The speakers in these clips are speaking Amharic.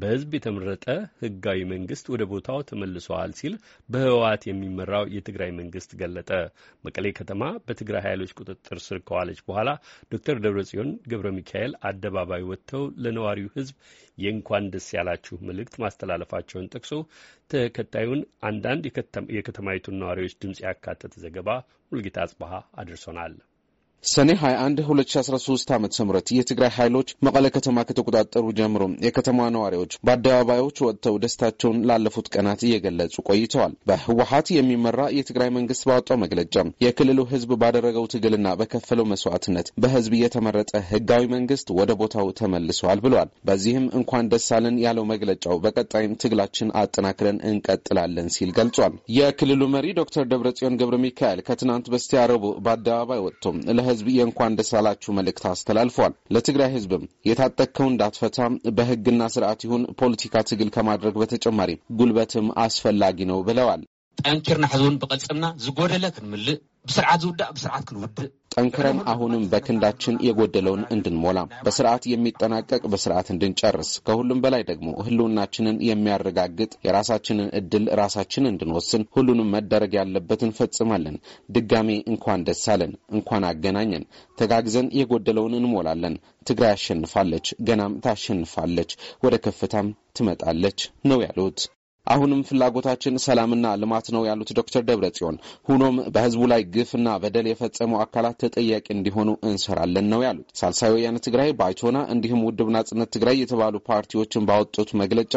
በህዝብ የተመረጠ ህጋዊ መንግስት ወደ ቦታው ተመልሷል ሲል በህወሓት የሚመራው የትግራይ መንግስት ገለጠ። መቀሌ ከተማ በትግራይ ኃይሎች ቁጥጥር ስር ከዋለች በኋላ ዶክተር ደብረጽዮን ገብረ ሚካኤል አደባባይ ወጥተው ለነዋሪው ህዝብ የእንኳን ደስ ያላችሁ መልእክት ማስተላለፋቸውን ጠቅሶ ተከታዩን አንዳንድ የከተማይቱን ነዋሪዎች ድምፅ ያካተተ ዘገባ ሙልጌታ አጽበሃ አድርሶናል። ሰኔ 21 2013 ዓ ም የትግራይ ኃይሎች መቀለ ከተማ ከተቆጣጠሩ ጀምሮ የከተማ ነዋሪዎች በአደባባዮች ወጥተው ደስታቸውን ላለፉት ቀናት እየገለጹ ቆይተዋል። በህወሀት የሚመራ የትግራይ መንግስት ባወጣው መግለጫ የክልሉ ህዝብ ባደረገው ትግልና በከፈለው መስዋዕትነት በህዝብ የተመረጠ ህጋዊ መንግስት ወደ ቦታው ተመልሰዋል ብሏል። በዚህም እንኳን ደስ አለን ያለው መግለጫው በቀጣይም ትግላችን አጠናክረን እንቀጥላለን ሲል ገልጿል። የክልሉ መሪ ዶክተር ደብረጽዮን ገብረ ሚካኤል ከትናንት በስቲያ ረቡዕ በአደባባይ ወጥቶ ህዝብ የእንኳን ደስ አላችሁ መልእክት አስተላልፏል። ለትግራይ ህዝብም የታጠቅከው እንዳትፈታ በህግና ስርዓት ይሁን ፖለቲካ ትግል ከማድረግ በተጨማሪ ጉልበትም አስፈላጊ ነው ብለዋል። ጠንኪርና ሕዝቡን ብቐፅምና ዝጎደለ ክንምልእ ብስርዓት ዝውዳእ ብስርዓት ክንወድእ ጠንክረን አሁንም በክንዳችን የጎደለውን እንድንሞላ በስርዓት የሚጠናቀቅ በስርዓት እንድንጨርስ ከሁሉም በላይ ደግሞ ህልውናችንን የሚያረጋግጥ የራሳችንን እድል ራሳችን እንድንወስን ሁሉንም መደረግ ያለበት እንፈጽማለን። ድጋሜ እንኳን ደስ አለን፣ እንኳን አገናኘን። ተጋግዘን የጎደለውን እንሞላለን። ትግራይ አሸንፋለች፣ ገናም ታሸንፋለች፣ ወደ ከፍታም ትመጣለች ነው ያሉት። አሁንም ፍላጎታችን ሰላምና ልማት ነው ያሉት ዶክተር ደብረ ጽዮን ሁኖም በህዝቡ ላይ ግፍና በደል የፈጸሙ አካላት ተጠያቂ እንዲሆኑ እንሰራለን ነው ያሉት። ሳልሳይ ወያነ ትግራይ ባይቶና፣ እንዲሁም ውድብ ናጽነት ትግራይ የተባሉ ፓርቲዎችን ባወጡት መግለጫ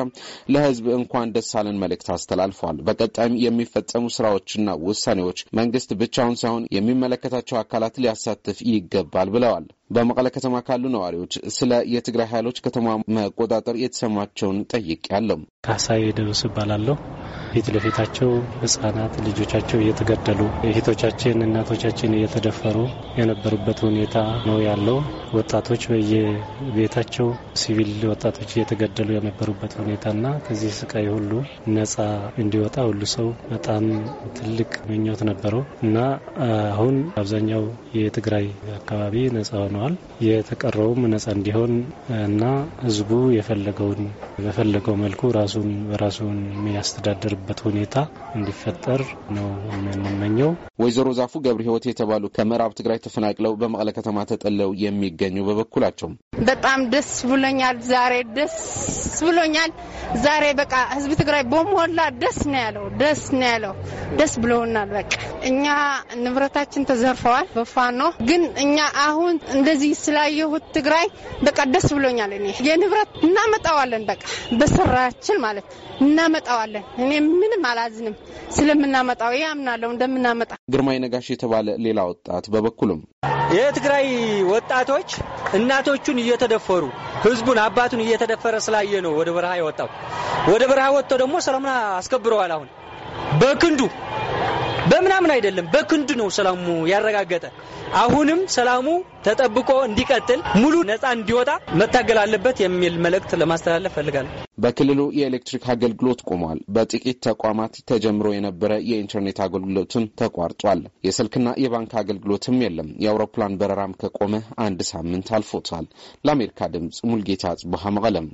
ለህዝብ እንኳን ደስ አለን መልእክት አስተላልፏል። በቀጣይም የሚፈጸሙ ስራዎችና ውሳኔዎች መንግስት ብቻውን ሳይሆን የሚመለከታቸው አካላት ሊያሳትፍ ይገባል ብለዋል። በመቀለ ከተማ ካሉ ነዋሪዎች ስለ የትግራይ ኃይሎች ከተማ መቆጣጠር የተሰማቸውን ያለው ካሳይ ደብስ እባላለሁ። ፊት ለፊታቸው ህጻናት ልጆቻቸው እየተገደሉ እህቶቻችን፣ እናቶቻችን እየተደፈሩ የነበሩበት ሁኔታ ነው ያለው። ወጣቶች በየቤታቸው ሲቪል ወጣቶች እየተገደሉ የነበሩበት ሁኔታና ከዚህ ስቃይ ሁሉ ነጻ እንዲወጣ ሁሉ ሰው በጣም ትልቅ ምኞት ነበረው እና አሁን አብዛኛው የትግራይ አካባቢ ነጻ ሆነዋል። የተቀረውም ነጻ እንዲሆን እና ህዝቡ የፈለገውን በፈለገው መልኩ ራሱን በራሱን የሚያስተዳድ የሚተዳደርበት ሁኔታ እንዲፈጠር ነው የምንመኘው። ወይዘሮ ዛፉ ገብረ ህይወት የተባሉ ከምዕራብ ትግራይ ተፈናቅለው በመቀለ ከተማ ተጠለው የሚገኙ በበኩላቸው በጣም ደስ ብሎኛል። ዛሬ ደስ ብሎኛል። ዛሬ በቃ ህዝብ ትግራይ በሞላ ደስ ነው ያለው፣ ደስ ነው ያለው። ደስ ብሎናል። በቃ እኛ ንብረታችን ተዘርፈዋል በፋኖ ግን እኛ አሁን እንደዚህ ስላየሁት ትግራይ በቃ ደስ ብሎኛል። እኔ የንብረት እናመጣዋለን፣ በቃ በስራችን ማለት እናመጣዋለን። እኔ ምንም አላዝንም ስለምናመጣው ያምናለሁ እንደምናመጣ። ግርማይ ነጋሽ የተባለ ሌላ ወጣት በበኩሉም የትግራይ ወጣቶች እናቶቹን እየተደፈሩ ህዝቡን አባቱን እየተደፈረ ስላየ ነው ወደ በረሃ የወጣው። ወደ በረሃ ወጥቶ ደግሞ ሰላሙን አስከብረዋል። አሁን በክንዱ በምናምን አይደለም፣ በክንድ ነው ሰላሙ ያረጋገጠ። አሁንም ሰላሙ ተጠብቆ እንዲቀጥል ሙሉ ነፃ እንዲወጣ መታገል አለበት የሚል መልእክት ለማስተላለፍ ፈልጋለሁ። በክልሉ የኤሌክትሪክ አገልግሎት ቆሟል። በጥቂት ተቋማት ተጀምሮ የነበረ የኢንተርኔት አገልግሎትም ተቋርጧል። የስልክና የባንክ አገልግሎትም የለም። የአውሮፕላን በረራም ከቆመ አንድ ሳምንት አልፎታል። ለአሜሪካ ድምፅ ሙልጌታ ጽቡሃ መቀለም